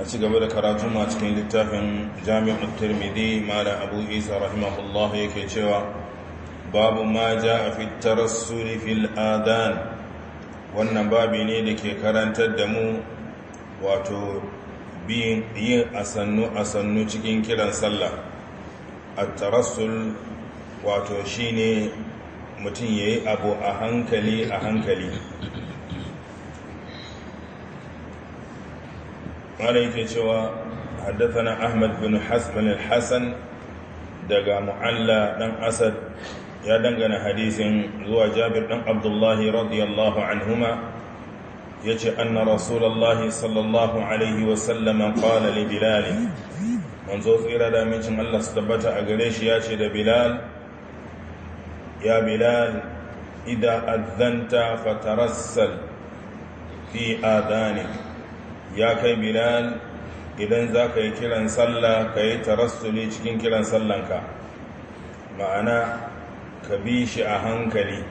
a ci gaba da karatu ma cikin littafin jami'ar turmidi malam abu isa rahimahullah ke cewa babu ma ja a fitar fil adan wannan babi ne da ke karantar da mu wato yin asannu-asannu cikin kiran sallah a tarassul wato shine mutum ya yi abu a hankali a hankali wanda yake cewa haddathana ahmad bin hasban hasan daga mu'alla dan asad ya dangana hadisin zuwa jabir dan abdullahi radiyallahu anhuma yace anna rasulullahi sallallahu alaihi wa sallam qala li bilal tsira da mincin Allah su tabbata a gare shi yace da bilal ya bilal ida adzanta fatarassal fi adanika ya kai bilal idan za ka yi kiran sallah ka yi tarassuli cikin kiran sallanka ma'ana ka bi shi a hankali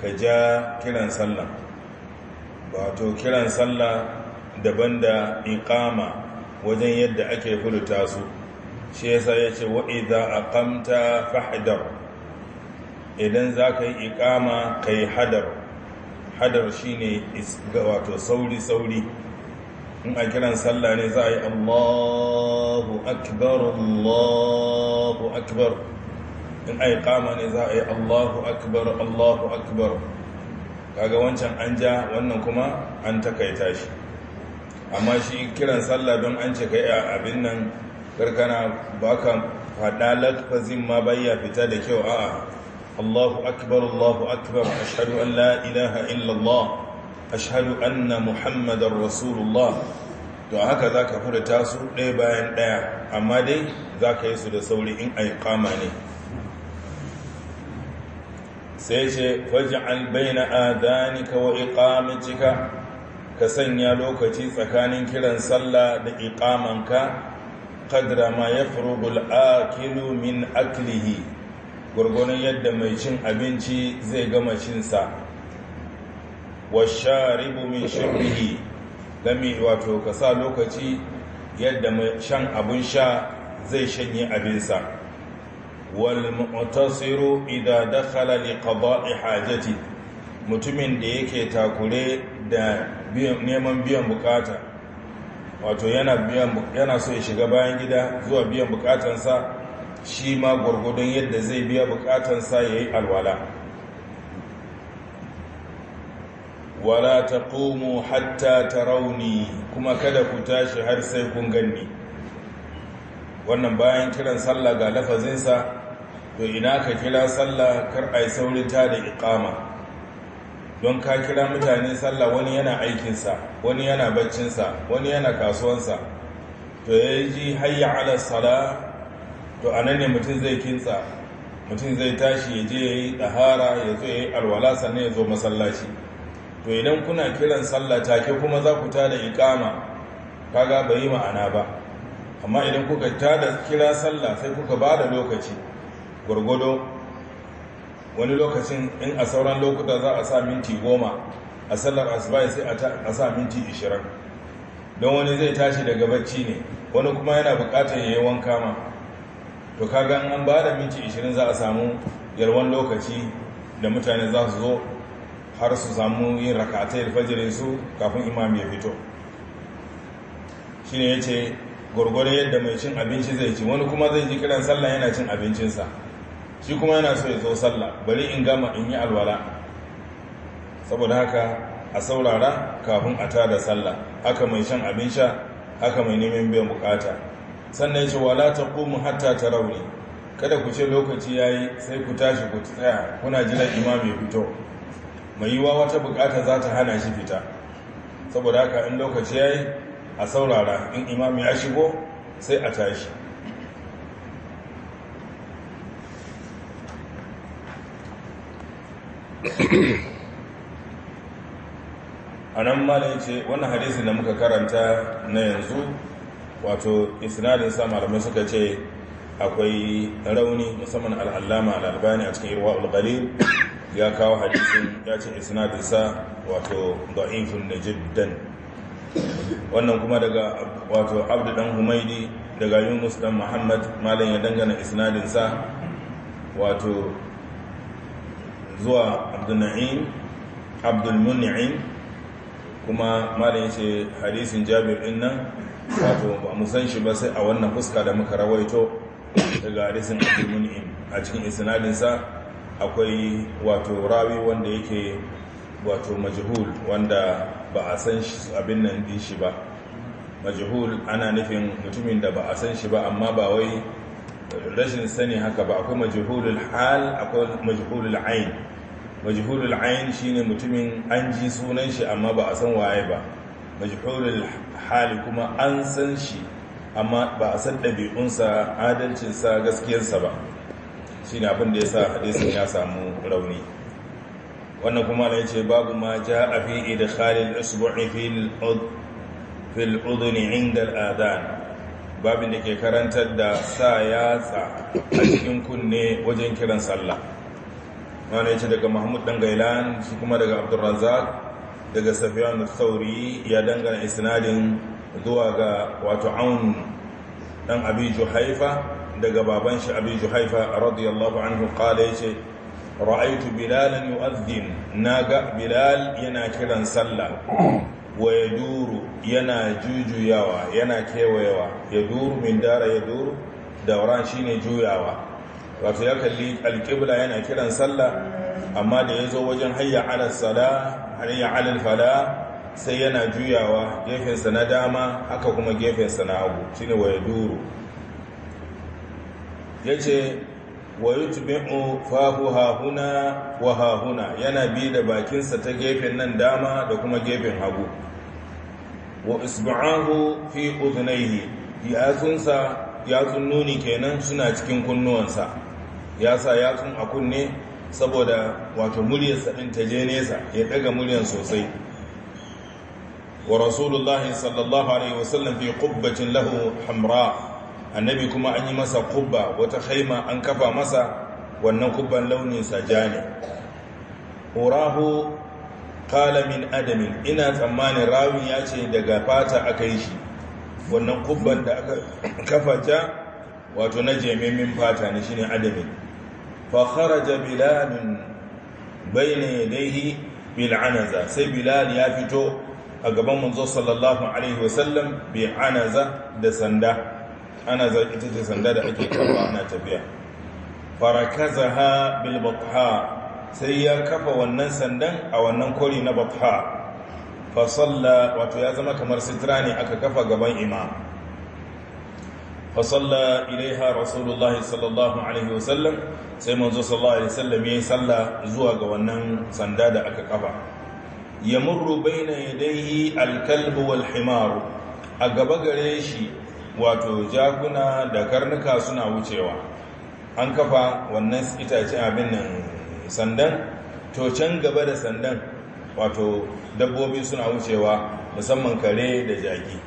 ka ja kiran sallah wato kiran sallah daban da iƙama wajen yadda ake furta su shi yasa yace wa'iza a kamta fahadar. idan za ka yi ka yi hadar hadar ne wato sauri sauri in a kiran sallah ne za a yi allahu akbar allahu akbar in a yi kama ne za a yi allahu akbar allahu akbar kaga wancan an ja wannan kuma an takaita shi amma shi kiran sallah don an ce kai a abin nan karkana ba ka faɗa latfazin ma bayya fita da kyau a'a allahu akbar allahu akbar ashhadu an la'ilaha illallah ashhadu anna muhammadar rasulullah to haka za ka furta su ɗaya bayan ɗaya amma dai za ka yi su da sauri in a kama ne sai ce faj'al baina kawai wa cika ka sanya lokaci tsakanin kiran sallah da iqamanka kadra ma ya al-akilu min aklihi gurgunan yadda mai cin abinci zai gama cinsa washaribu min shurbihi dami wato ka sa lokaci yadda shan abun sha zai shanye abinsa wal mu'tasiru da dakhala li qada'i hajati mutumin da yake takure da neman biyan bukata wato yana so ya shiga bayan gida zuwa biyan bukatansa shi ma gurgudun yadda zai biya bukatansa yayi alwala wala ta taqumu hatta ta rauni, kuma kada ku tashi har sai kun ganni wannan bayan kiran sallah ga lafazinsa to ina ka kira sallah kar a saurin ta da ikama don ka kira mutane sallah wani yana aikinsa wani yana baccinsa wani yana kasuwansa to ya ji hayya ala to a nan ne mutum zai kintsa mutum zai tashi ya je ya yi ɗahara ya zo ya yi alwala sannan ya zo masallaci to idan kuna kiran sallah take kuma za ku tada ikama kaga bai yi ma'ana ba amma idan kuka tada kira sallah sai kuka ba da lokaci gurgudo wani lokacin in a sauran lokuta za a sa minti goma a sallar asuba sai a sa minti ishirin don wani zai tashi daga bacci ne wani kuma yana bukatar yayi wanka ma to kaga an ba da minti ishirin za a samu yalwan lokaci da mutane za su zo har su samu yin rakatayar fajirin su kafin imam ya fito shine yace gurgure yadda mai cin abinci zai ci wani kuma zai ji kiran sallah yana cin abincinsa shi kuma yana so ya zo sallah bari in gama in yi alwala saboda haka a saurara kafin a tada sallah haka mai shan abin sha haka mai neman biyan bukata sannan ya ce wala taqumu hatta rauni. kada ku ce lokaci yayi sai ku tashi ku tsaya kuna jiran imam ya fito mai yiwa wata bukata za ta hana shi fita saboda haka in lokaci ya yi a saurara in imam ya shigo sai a tashi a nan malin ce wannan hadisi da muka karanta na yanzu wato isnadin sa malamai suka ce akwai rauni musamman al'allama al'albani a cikin irwa ulgalil ya kawo hadisin ya ce isa wato da'ifun da jiddan wannan kuma daga wato abdu dan humaidi daga yunus dan muhammad malam ya dangana isnadinsa wato zuwa abdulna'im abdulmun'im kuma malam ya ce hadisin jabir din nan wato ba mu san shi ba sai a wannan fuska da muka rawaito daga hadisin abdulmun'im a cikin isnadinsa akwai wato rawi wanda yake wato majhul wanda ba a san abin nan din shi ba majhul ana nufin mutumin da ba a san shi ba amma ba wai rashin sani haka ba akwai majhulul hal akwai majhulul ain majhulul ain shine mutumin an ji sunan shi amma ba a san waye ba majhulul hal kuma an san shi amma ba a san ɗabi'unsa adalcinsa gaskiyarsa ba shi ne abin da ya sa ya samu rauni wannan kuma da ce babu ma ja a fi idkhalil usbu'i fil uduni inda al'adan babin da ke karantar da sa yatsa a cikin kunne wajen kiran sallah wani ya ce daga mahmud dan gailan shi kuma daga abdulrazak daga safiyan sauri ya dangana isnadin zuwa ga wato aun dan abi juhaifa daga baban shi abi juhaifa radiyallahu anhu qala yace ra'aytu bilalan yu'adhdhin naga bilal yana kiran sallah wa yaduru yana jujuyawa yana kewayewa yaduru min dara yaduru dauran shine juyawa wato ya kalli alqibla yana kiran sallah amma da yazo wajen hayya ala sala hayya ala fala sai yana juyawa gefensa na dama haka kuma gefensa na hagu shine wa yaduru ya ce wa yutbi'u fahu hahuna wa hahuna yana bi da bakinsa ta gefen nan dama da kuma gefen hagu wa isba'ahu fi udhnayhi yatsunsa yatsun nuni kenan suna cikin kunnuwansa ya sa yatsun a kunne saboda wato muryarsa din ta je nesa ya daga muryar sosai wa rasulullahi sallallahu alaihi wasallam fi qubbatin lahu hamra annabi kuma an yi masa kubba wata haima an kafa masa wannan kubban launinsa ja ne urahu kala adamin ina tsammanin rawin ya ce daga fata aka yi shi wannan kubban da aka kafa ja wato na jememin fata ne shine adamin fa kharaja bilalun bayna yadayhi bil anaza sai bilal ya fito a gaban manzo sallallahu alaihi wasallam bi anaza da sanda ana za ita ce sanda da ake kafa ana tafiya farakaza ha bil batha sai ya kafa wannan sandan a wannan kori na batha fa salla wato ya zama kamar sitira ne aka kafa gaban imam fa salla ilaiha rasulullahi sallallahu alaihi wasallam sai manzo sallallahu alaihi wasallam yayin salla zuwa ga wannan sanda da aka kafa yamurru bayna yadayhi al-kalbu wal himaru a gaba gare shi wato jaguna da karnuka suna wucewa an kafa wannan itace abin nan sandan to can gaba da sandan wato dabbobi suna wucewa musamman kare da jaki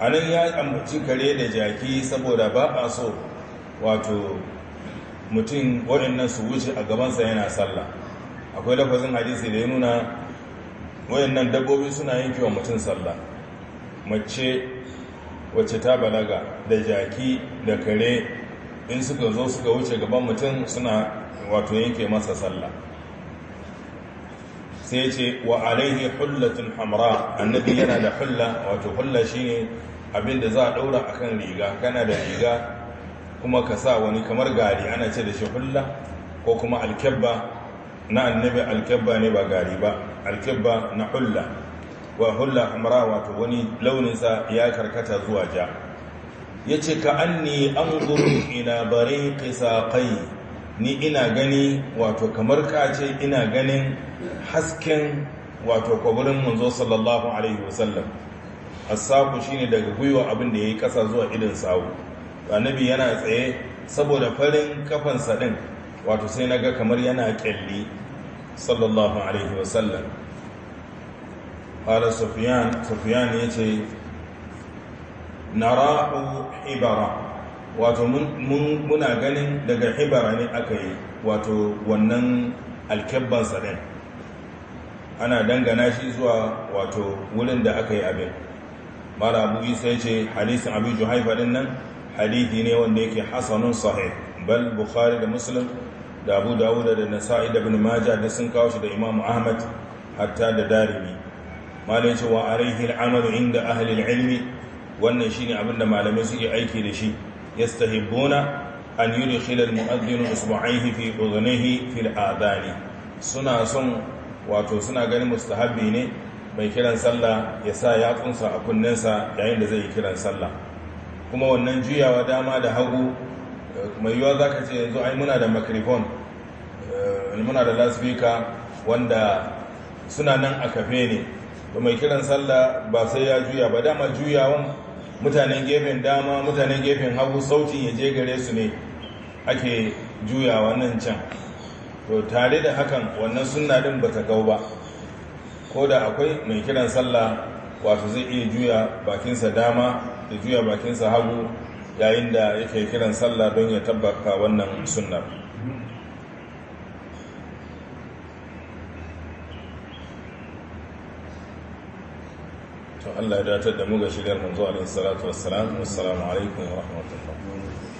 Anan ya ambaci kare da jaki saboda ba a so wato mutum waɗannan su wuce a gabansa yana sallah akwai lafazin hadisi da ya nuna waɗannan dabbobi suna yin kiwa mutum sallah mace wacce ta balaga da jaki da kare in suka zo suka wuce gaban mutum suna wato yanke masa sallah sai ce wa alaihi hullatun hamra annabi yana da hulla wato hulla shine abinda za a daura akan riga kana da riga kuma ka sa wani kamar gari ana ce da shi hulla ko kuma alkebba na annabi alkebba ne ba gari ba alkebba na hulla wa hula hamra wato wani launinsa ya karkata zuwa ja ya ce ka an ni an zuru ina bare ni ina gani wato kamar kace ina ganin hasken wato kwaburin munzo sallallahu alaihi wasallam asaku shine daga gwiwa abin da ya yi ƙasa zuwa idan sawu annabi yana tsaye saboda farin kafansa din wato sai na kamar yana ƙyalli sallallahu alaihi wasallam قال سفيان سفيان يتي نراه wato muna ganin daga hibara ne aka yi wato wannan alkebbansa ɗin ana dangana shi zuwa wato wurin da aka yi abin mara abu isa ya ce hadisin abu juhaifa ɗin nan hadithi ne wanda yake hasanun Sahi, bal bukhari da muslim da abu dawuda da nasa'i da bin maja da sun kawo shi da Imam ahmad hatta da darimi malai cewa wa alaihi inda ahlil ilmi wannan shine abin da malamai suke aiki da shi yastahibbuna an yudkhila al-mu'adhdhin usbu'aihi fi fi adani suna son wato suna ganin mustahabbi ne mai kiran sallah ya sa yatsunsa a kunnensa yayin da zai yi kiran sallah kuma wannan juyawa dama da hagu mai yiwuwa za ka ce yanzu ai muna da makrifon eh, muna da lasfika wanda suna nan a kafe ne da mai kiran sallah ba sai ya juya ba dama juyawan mutanen gefen dama mutanen gefen hagu sautin ya je gare su ne ake juyawa nan can to tare da hakan wannan sunna din ba ta gau ba ko da akwai mai kiran sallah wato zai iya juya bakinsa dama da juya bakinsa hagu yayin da yake kiran sallah don ya tabbaka wannan sunnar الله يدعى تدى مغشي غير من الصلاة والسلام والسلام عليكم ورحمة الله